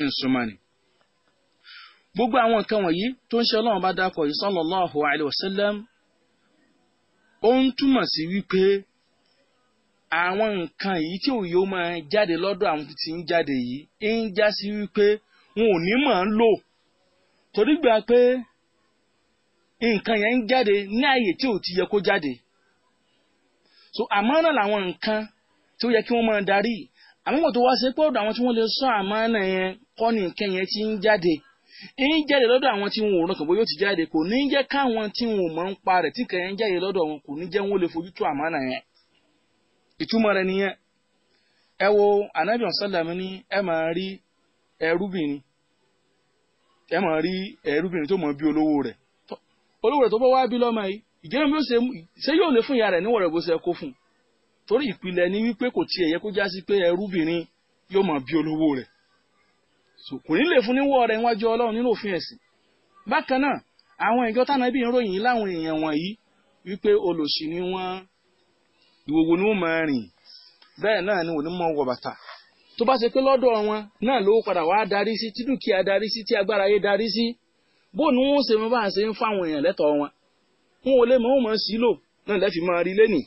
nsúmọ́ni. gbogbo àwọn nǹkan wọ̀nyí tó ń ṣe ọlọ́run bá dákọ̀ yìí sallallahu alaihi wasallam ó ń túmọ̀ sí wípé àwọn nǹkan yìí tí òye ó máa jáde lọ́dọ̀ àwọn tí ń jáde yìí ń já sí wípé wọn ò ní máa ń lò torí gbà pé nǹkan yẹn ń jáde ní tí ò ti yẹ kó jáde so àmánà làwọn nǹkan tí ó yẹ kí wọ́n máa darí àmọ́ tó wá ṣe pé ọ̀dọ̀ àwọn tí wọ́n lè sọ àmánà yẹn kọ́ ni nǹkan yẹn ti ń jáde ń jáde lọ́dọ̀ àwọn tí wọn ò rọkàn bóyá ó ti jáde kò ní jẹ́ káwọn tí wọn ò mọ̀ ń pa rẹ̀ tí nǹkan yẹn jáde lọ́dọ̀ wọn kò ní jẹ́ wọn lè fojú tó àmánà yẹn ẹ mọ̀ rí ẹrúbìnrin tó mọ̀ bí olówó rẹ̀ olówó rẹ̀ tó bọ́ wá bí lọ́mọ yìí ìjẹ́rìí mi ó ṣe ṣé yóò lè fún ìyá rẹ níwọ̀n rẹ̀ bó ṣe kó fún un torí ìpìlẹ̀ ni wípé kò tiẹ̀ yẹ kó já sí pé ẹrúbìnrin yóò mọ̀ bí olówó rẹ̀ kò ní lè fún níwọ̀ rẹ̀ níwájú ọlọ́run nínú òfin ẹ̀sìn bákan náà àwọn ìjọ tánàbí ń ròyìn láwọn èèyàn wọ̀nyí wípé olòṣì ni wọ́n ìwòwò ni wọ́n máa rìn bẹ́ẹ̀ náà ni wọ́n ní mọ̀ wọ bàtà tó bá ṣe pé lọ́dọ̀ wọn náà lówó padà wá darí sí tí dúkìá darí sí tí agbára ayé darí sí bó ni wọn ṣe máa ṣe ń fáwọn èèyàn lẹ́tọ̀ọ́ wọn wọn ò lè mọ òun mọ sí lò náà lẹ́fì máa rí lẹ́nìí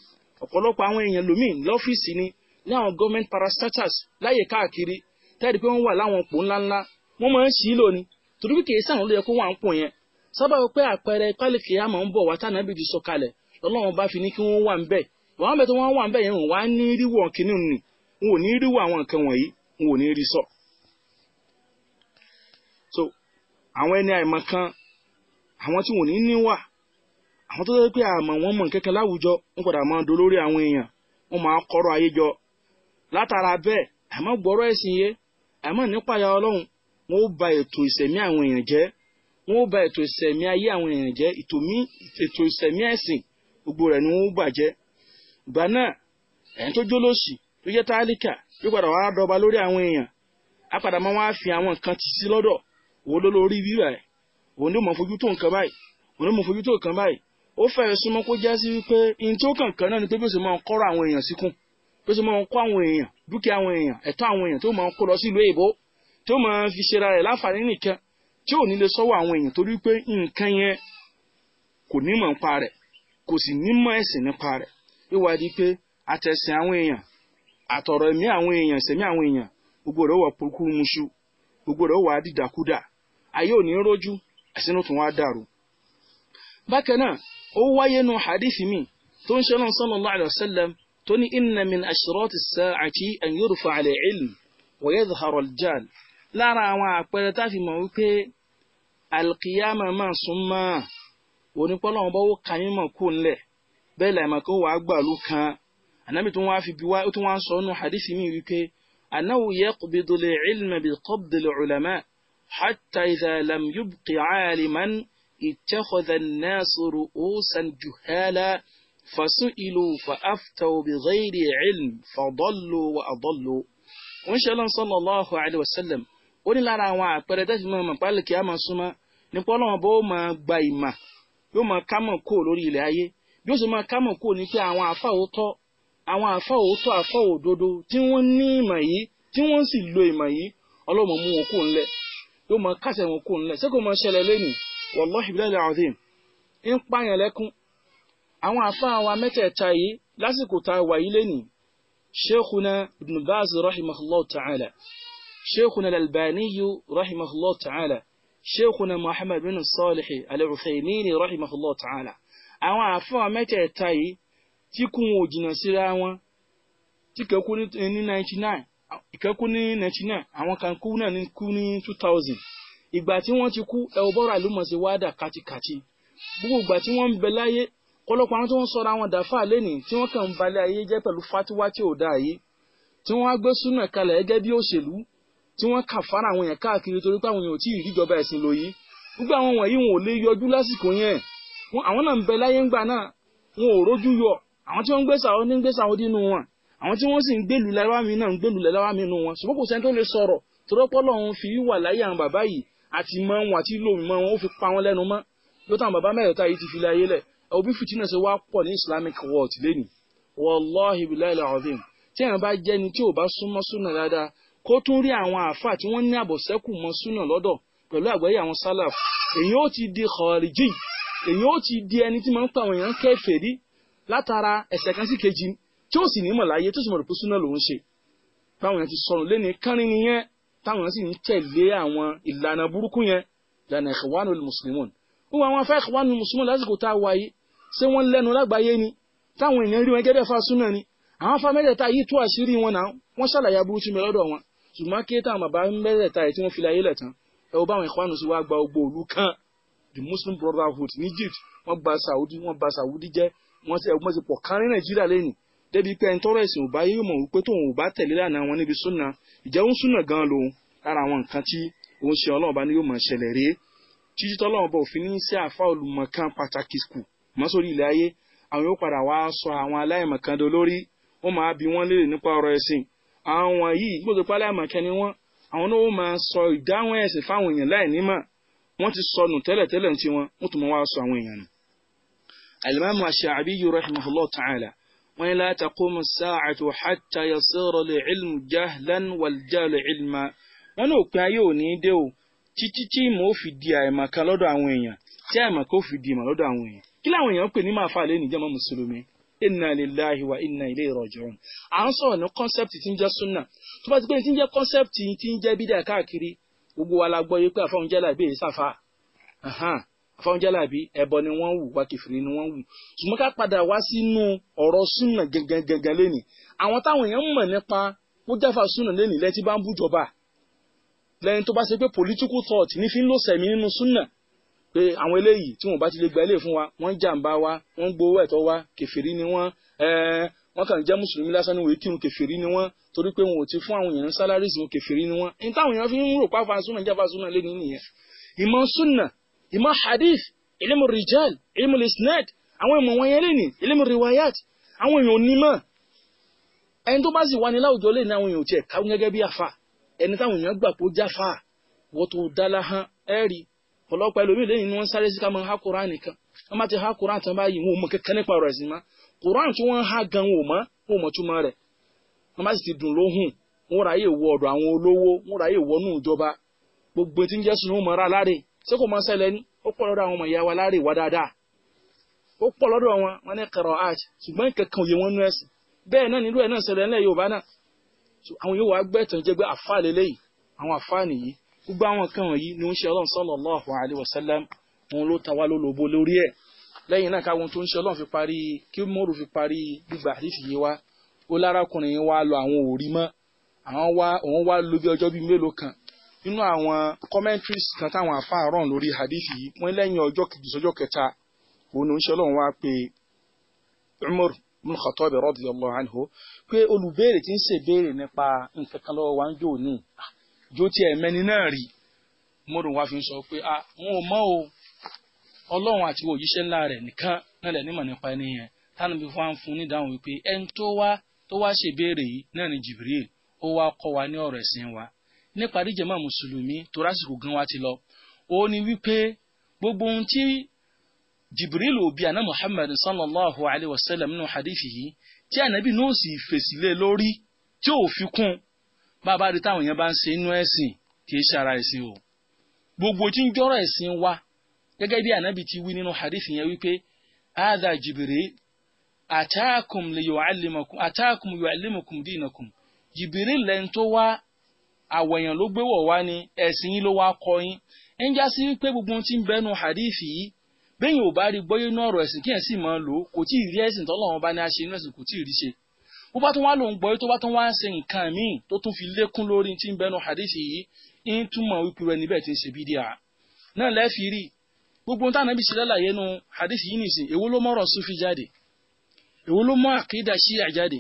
ọ̀pọ̀lọpọ̀ àwọn èèyàn lómi lọ́fíìsì ni ní àwọn government parastatals láyè káàkiri tẹ́lẹ̀ pé wọ́n wà láwọn òpó ńláńlá wọ́n máa ń sí lò ni torí pé kì í sàwọn ló yẹ kó wà ń pò yẹn sábà pé àpẹẹrẹ pálíkì àmọ́ ń bọ̀ wá tánà bí ti sọ kalẹ̀ lọ́lọ́run bá fi ní kí wọ́n wà ń n wò ní ríwọ àwọn nǹkan wọ̀nyí n wò ní rí sọ. so àwọn ẹni àìmọ̀ kan àwọn tí wọn ò ní níwà àwọn tó sọ pé àmọ́ wọn mọ̀ kẹ́kẹ́ láwùjọ ń padà máa dolórí àwọn èèyàn wọn máa kọ́rọ̀ ayé jọ látara bẹ́ẹ̀ àmọ́ gbọ́rọ̀ ẹ̀sìn yé àmọ́ ọlọ́run wọn ó ba ètò ìsẹ̀mí àwọn èèyàn jẹ́ wọn ó ba ètò ìsẹ̀mí ayé àwọn èèyàn jẹ́ ètò ìsẹ̀mí ẹ̀sìn gbogbo rẹ̀ ni wọn ó náà ẹ̀yìn tó tó jẹ́ tálíkà yóò padà wá dọba lórí àwọn èèyàn á padà máa wá fi àwọn nǹkan ti sí lọ́dọ̀ òun ló lórí bíbà ẹ̀ òun ló mọ̀ fojú tó nǹkan báyìí òun ló mọ̀ fojú tó nǹkan báyìí ó fẹ́rẹ̀ súnmọ́ kó já sí wípé ihun tó kàn kan náà ni pé bí ó sì máa kọ́rọ̀ àwọn èèyàn síkùn bí ó sì máa kó àwọn èèyàn dúkìá àwọn èèyàn ẹ̀tọ́ àwọn èèyàn tó máa kó lọ sí èbó tó máa fi ṣera rẹ̀ láǹfààní nìkan tí ò ní lè sọ́wọ́ àwọn èèyàn torí pé nǹkan yẹn kò nímọ̀ nípa rẹ̀ kò sì nímọ̀ ẹ̀sìn nípa rẹ̀ ìwádìí pé àtẹ̀sìn àwọn èèyàn àtọ̀rọ̀ ẹ̀mí àwọn èèyàn ìsẹ̀mí àwọn èèyàn gbogbo rẹ̀ wà pokú muṣu gbogbo rẹ̀ wà dìdàkudà ayé ò ní rójú àsínú tún wá dàrú. bákan náà ó wáyé nu hadithi mi tó ń ṣe náà sallallahu alayhi wa sallam tó ní inna min ashrati sa'ati an yurfa ala ilm wa yadhhara al lára àwọn àpẹẹrẹ tá mọ̀ wípé alkiyama máa sún mọ́ onípọ́lọ́wọ́n bá wó kàyín mọ̀ kó ńlẹ̀ bẹ́ẹ̀ làmọ́ kó wàá gbàlú kan anabi tó wá fi bi wá ó tó wá ń sọ nù hadisi mi wípé anáwó yaqbidu al-ilma bi qabdi al-ulama hatta idha lam yubqi aliman ittakhadha an-nasu ru'usan juhala fasu'ilu fa'aftaw bi ghayri ilm fadallu wa adallu. wọ́n ṣe lọ́n sallallahu alayhi wa sallam ó ní lára àwọn àpẹẹrẹ tẹ́sí máa mọ̀ pálí kí a máa súnmọ́ nípa ọlọ́run bó máa gba ìmà yóò máa kámọ̀ kó lórí ilẹ̀ ayé bí ó sì máa kámọ̀ kó ní pé àwọn àfáà ó àwọn àfáà òótọ́ àfáà òdodo tí wọ́n ní ìmọ̀ yìí tí wọ́n sì lo ìmọ̀ yìí ọlọ́mọ mú wọn kó ńlẹ̀ yóò máa kásẹ̀ wọn kó ńlẹ̀ sẹ́kọ̀ọ́ máa ṣẹlẹ̀ lẹ́nìí wallahi billahi azim ń pààyàn lẹ́kún àwọn àfáà wa mẹ́tẹ̀ẹ̀ta yìí lásìkò tá a wà yìí lẹ́nìí sheikhuna ibn baz rahimahullahu ta'ala sheikhuna lalbaniyu rahimahullahu ta'ala sheikhuna muhammad bin salih al-uthaymeen ta'ala àwọn àfáà mẹ́tẹ̀ẹ̀ta yìí tí kù wọn ò jìnnà síra wọn tí kan ní ninety nine ìkan kú ní ninety nine àwọn kan kú náà kú ní two thousand ìgbà tí wọ́n ti kú ẹ̀wọ̀ bọ́ra ló mọ̀ sí wádà kàtìkàtì gbogbo ìgbà tí wọ́n ń bẹ láyé ọ̀pọ̀lọpọ̀ àwọn tí wọ́n sọra wọn dàáfà lẹ́nìí tí wọ́n kàn ń balẹ̀ ayé jẹ́ pẹ̀lú fatiwa tí ò dáa yìí tí wọ́n á gbé súnà kalẹ̀ gẹ́gẹ́ bí òṣèlú tí wọ́n kà fara àwọn èèyàn káàkiri torí pé àwọn èèyàn ò tí ì ríjọba ẹ̀sìn lò yìí gbogbo àwọn wọ̀nyí wọn ò lè yọjú lásìkò yẹn àwọn náà ń bẹ láyé ńgbà náà wọn ò rójú yọ àwọn tí wọ́n ń gbé sàwọn ní ń gbé sàwọn dínú wọn àwọn tí wọ́n sì ń gbèlú lára mi náà ń gbèlú lára mi nù wọn ṣùgbọ́n kò sẹ́ni tó lè sọ̀rọ̀ torọ́pọ̀ lọ́hún fi wà láyé àwọn bàbá yìí àti mọ wọn àti ìlò mọ wọn ó fi pa wọn lẹ́nu mọ́ yóò táwọn bàbá mẹ́rẹ̀ẹ́ta yìí ti fi láyé lẹ̀ òbí fìtínà ṣe wá pọ̀ ní Islamic world lẹ́nu wàláhi bilayi alazim ni tí ò bá súnmọ́ súnà dáadáa kó tún rí àwọn àáfàá tí wọ́n ní àbọ̀sẹ́kù mọ́ súnà lọ́dọ̀ pẹ̀lú àgbáyé àwọn sálàf èyí ó ti di kọ̀ọ̀rìjì èyí ó ti di ẹni tí máa látara ẹ̀sẹ̀ kan sí kejì tí ó sì ní mọ̀ láyé tó sì mọ̀ rò pé súnà lòún ṣe báwọn yẹn ti sọnù lẹ́ni kánrin nìyẹn táwọn sì ń tẹ̀lé àwọn ìlànà burúkú yẹn ìlànà Ikhwanul Muslimun ó wọ àwọn afẹ́ Ikhwanul Muslimun lásìkò tá a wáyé ṣé wọ́n lẹ́nu lágbàáyé ni táwọn èèyàn rí wọn gẹ́gẹ́ fa súnà ni àwọn afá mẹ́tẹ̀ẹ̀ta yìí tú àṣírí wọn náà wọ́n ṣàlàyé aburú mi lọ́dọ̀ wọn ṣùgbọ́n kí táwọn bàbá mẹ́tẹ̀ẹ̀ta yìí tí wọ́n fi láyé lẹ̀ tán ẹ wo báwọn ìkwánu sí wá gba ogbó òlu kan the Muslim Brotherhood ní Egypt wọ́n gba Saudi wọ́n ba Saudi jẹ́ wọ́n ti ẹ̀gbọ́n ti pọ̀ kan ní nàìjíríà lẹ́nu débi pé ẹni tọ́rọ̀ ẹ̀sìn òbá yóò mọ̀ wípé tóun ò bá tẹ̀lé lánàá wọn níbi súnà ìjẹun súnà gan lòun lára àwọn nǹkan tí òun ṣe ọlọ́run bá ní yóò mọ̀ ṣẹlẹ̀ rèé títí tọ́lọ́run bá òfin ní sí àfa olùmọ̀kan pàtàkì kù mọ́ sórí ilẹ̀ ayé àwọn yóò padà wá sọ àwọn aláìmọ̀kan dolórí wọ́n máa bi wọ́n léèrè nípa ọ̀rọ̀ ẹ̀sìn àwọn yìí gbọ́dọ̀ pálí àmọ̀kẹ́ ni wọ́n àwọn náà máa sọ ìdáhùn ẹ̀sìn fáwọn èèyàn láì nímọ̀ wọ́n ti sọnù tẹ́lẹ̀tẹ́lẹ̀ ń tiwọn wọ́n tún máa wá sọ àwọn èèyàn nù المام الشعبي رحمه الله تعالى ولا تقوم الساعة حتى يصير لعلم جهلا والجهل علما wọn ò pé ayé òní dé o títí tí mo fi di àìmọ̀ká lọ́dọ̀ àwọn èèyàn tí àìmọ̀ká ò fi di ìmọ̀ lọ́dọ̀ àwọn èèyàn kí làwọn èèyàn ń pè ní màá fà lẹ́nu ìjọba mùsùlùmí inna lillahi wa inna ilayhi raji'un à ń sọ̀rọ̀ ní kọ́nsẹ́pìtì tí ń jẹ́ súnà tó bá ti pé ní tí ń jẹ́ kọ́nsẹ́pìtì tí ń jẹ́ bídà káàkiri gbogbo wa la gbọ́ yé pé àfọ̀hún jẹ́ láì bẹ́ẹ̀ sáfà afọ́njálàbí ẹbọ ni wọ́n wù wá kẹfìrí ni wọ́n wù ṣùgbọ́n ká padà wá sínú ọ̀rọ̀ súnà gangan gangan lẹ́nìí àwọn táwọn èèyàn mọ̀ nípa mọ́jáfà súnà lẹ́nìí lẹ́tí bá ń bújọba lẹ́yìn tó bá ṣe pé political thought ní fi ń lò sẹ̀mí nínú súnà pé àwọn eléyìí tí wọ́n bá ti lè gba ilé fún wa wọ́n ń jàǹbá wa wọ́n ń gbowó ẹ̀tọ́ wa kẹfìrí ni wọ́n wọ́n kàn jẹ́ mùsùlùmí lásán níwèé kírun kẹfìrí ni wọ́n torí pé wọn ò ti fún àwọn èèyàn sálárìsì wọn kẹfìrí ni wọ́n ní táwọn èèyàn fi ń rò pàfà súnà jáfà súnà lẹ́nìí nìyẹn ìmọ̀ súnà ìmọ̀ hadith ilmu rijal ilmu isnad àwọn ìmọ̀ wọn yẹn lè ní ilmu riwayat àwọn èèyàn onímọ̀ ẹni tó bá sì wà ní láwùjọ lè ní àwọn èèyàn tiẹ̀ káwọn gẹ́gẹ́ bí afa ẹni táwọn èèyàn gbà pé ó jáfa wọ́n tó dálá hàn ẹ́rì ọ̀pọ̀lọpọ̀ ẹlòmíì lẹ́yìn ni wọ́n sáré sí ká máa ha koran nìkan wọ́n bá ti ha koran tán báyìí wọn ò mọ kẹ́kẹ́ nípa rẹ̀ wọ́n bá gbogbo tí ń jẹ́ sunu mọ́ra láre ṣé kò máa ṣẹlẹ̀ ní ó pọ̀ lọ́dọ̀ àwọn ọmọ ìyá wa láàrè wá dáadáa ó pọ̀ lọ́dọ̀ wọn wọn ní kẹrọ aj ṣùgbọ́n kankan òye wọn nú ẹ̀sìn bẹ́ẹ̀ náà nílùú ẹ̀ náà ṣẹlẹ̀ ńlẹ̀ Yorùbá náà àwọn yóò wá gbẹ̀tàn jẹ́ pé àfa lélẹ́yìí àwọn àfa nìyí gbogbo àwọn kan wọ̀nyí ni ó ń ṣe Ọlọ́run sallallahu alaihi wasallam òun ló ta wá lólobó lórí ẹ̀ lẹ́yìn náà káwọn tó ń ṣe Ọlọ́run fi parí kí mòrò fi parí gbígbà àdìsí yìí wá ó lárakùnrin wa lọ àwọn òrí mọ́ àwọn wá òun wá lóbi ọjọ́ bíi mélòó kan nínú àwọn commentaries kan táwọn àfáà rán lórí hadith yìí wọ́n lẹ́yìn ọjọ́ kejì sọ́jọ́ kẹta òun ní oníṣẹ́ ọlọ́run wá pé Umar ibn Khattab radiyallahu anhu pé olùbéèrè tí ń ṣèbéèrè nípa nǹkan kan lọ́wọ́ wa ń jò ní ah, jó tiẹ̀ mẹ́ni náà rí Umar wá fi sọ pé ah wọn ò mọ̀ o ọlọ́run àti òjíṣẹ́ ńlá rẹ̀ nìkan náà lẹ̀ nímọ̀ nípa ẹni yẹn táwọn ibi wá ń fún nídàáhùn wípé ẹni tó wá tó wá ṣèbéèrè yìí náà ni Jibril ó wá kọ́ wa ní ọ̀rọ̀ ẹ̀sìn wa nípa díjẹmọ́ mùsùlùmí tó rásìkò gan wa ti lọ ó ní wípé gbogbo ohun tí jibril òbí àná muhammad sallallahu alaihi wa sallam nínú hadithi yìí tí ànábì náà sì fèsì lé lórí tí ò fi kún bàbá rí táwọn èèyàn bá ń ṣe inú ẹ̀sìn kì í ṣe ara ẹ̀sìn o gbogbo tí ń jọ́rọ̀ ẹ̀sìn wa gẹ́gẹ́ bí ànábì ti wí nínú hadith yẹn wípé ada jibril ataakum li yu'allimakum ataakum yu'allimukum dinakum jibril lẹ́ni wa àwọ̀ èèyàn ló gbé wọ̀ wá ni ẹ̀sìn yín ló wá kọ́ yín ń já sí pé gbogbo ohun tí ń bẹ́nu hadithi yìí bẹ́yìn ò bá rí gbọ́yé náà ọ̀rọ̀ ẹ̀sìn kí ẹ̀ sì máa lò ó kò tí ì rí ẹ̀sìn tọ́lọ́run bá ní a inú ẹ̀sìn kò tí ì rí ṣe bó bá tún wá lòun gbọ́yé tó bá tún wá ń ṣe nǹkan míì tó tún fi lékún lórí tí ń bẹ́nu hadithi yìí ń túmọ̀ wípé rẹ níbẹ̀ tí ń ṣe bídíà náà lẹ́ẹ̀fì rí gbogbo ohun táwọn ẹbí ṣe lálàyé nu hadithi yìí nìsín èwo ló mọ̀rọ̀ sufi jáde èwo ló mú àkídà ṣíyà jáde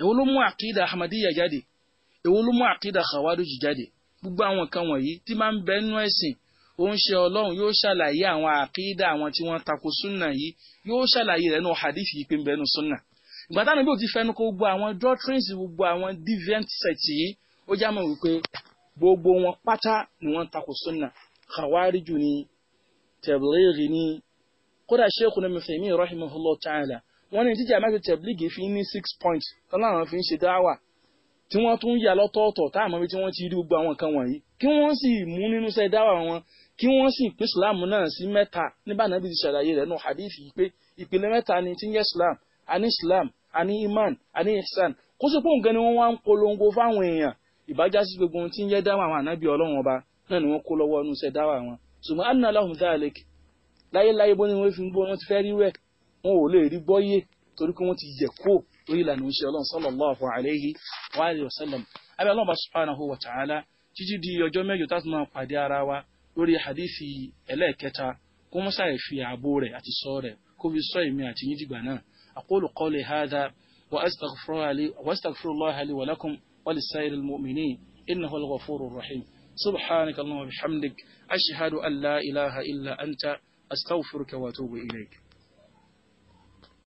èwo ló mú àkídà ahmadiyya jáde èwo ló mú àkídà khawarij jáde gbogbo àwọn kan wọ̀nyí tí máa ń bẹ nínú ẹ̀sìn ó ń ṣe ọlọ́run yóò ṣàlàyé àwọn àkídà àwọn tí wọ́n tako súnà yìí yóò ṣàlàyé rẹ̀ nù hadith yìí pé ń bẹ nù súnà ìgbà táwọn ibi ò ti fẹnu kó gbogbo àwọn doctrines gbogbo àwọn deviant sect yìí ó já mọ̀ wípé gbogbo wọn pátá ni wọ́n tako súnà khawariju ni tablighi ni kódà sheikhuna mufemi rahimahullah ta'ala wọ́n ní tíjà máa ti fi ní six points tọ́lá àwọn fi ń ṣe dáwà tí wọ́n tún yà lọ́tọ̀ọ̀tọ̀ tá àmọ́ bí tí wọ́n ti rí gbogbo àwọn nǹkan wọ̀nyí kí wọ́n sì mú nínú sẹ́ dáwà wọn kí wọ́n sì pín islam náà sí mẹ́ta nígbà náà bí ti ṣàlàyé rẹ̀ nù hadithi pé ìpìlẹ̀ mẹ́ta ni tí ń yẹ islam àní islam àní iman àní ihsan kó sì pọ̀ nǹkan ni wọ́n wá ń polongo fáwọn èèyàn ìbájá sí gbogbo tí ń yẹ dáwà àwọn ànábì ọlọ́run ọba náà ni wọ́n kó lọ́wọ́ nù sẹ́ dáwà wọn ṣùgbọ́n anna lahum dhalik láyéláyé bó ni wọ́n fi ń bó wọn ti fẹ́ rí wẹ̀ wọn ò lè rí gbọ́yé torí pé wọ́n ti yẹ̀ kó طويلا الله عليه وسلم أبا الله سبحانه وتعالى تجي دي يجو ميجو تاسما قادي حديثي إلي كتا كما سايفي أتي صوري كم يسوي أتي نيجي بنا أقول قولي هذا وأستغفر, الله لي ولسائر المؤمنين إنه الغفور الرحيم سبحانك اللهم وبحمدك أشهد أن لا إله إلا أنت أستغفرك وأتوب إليك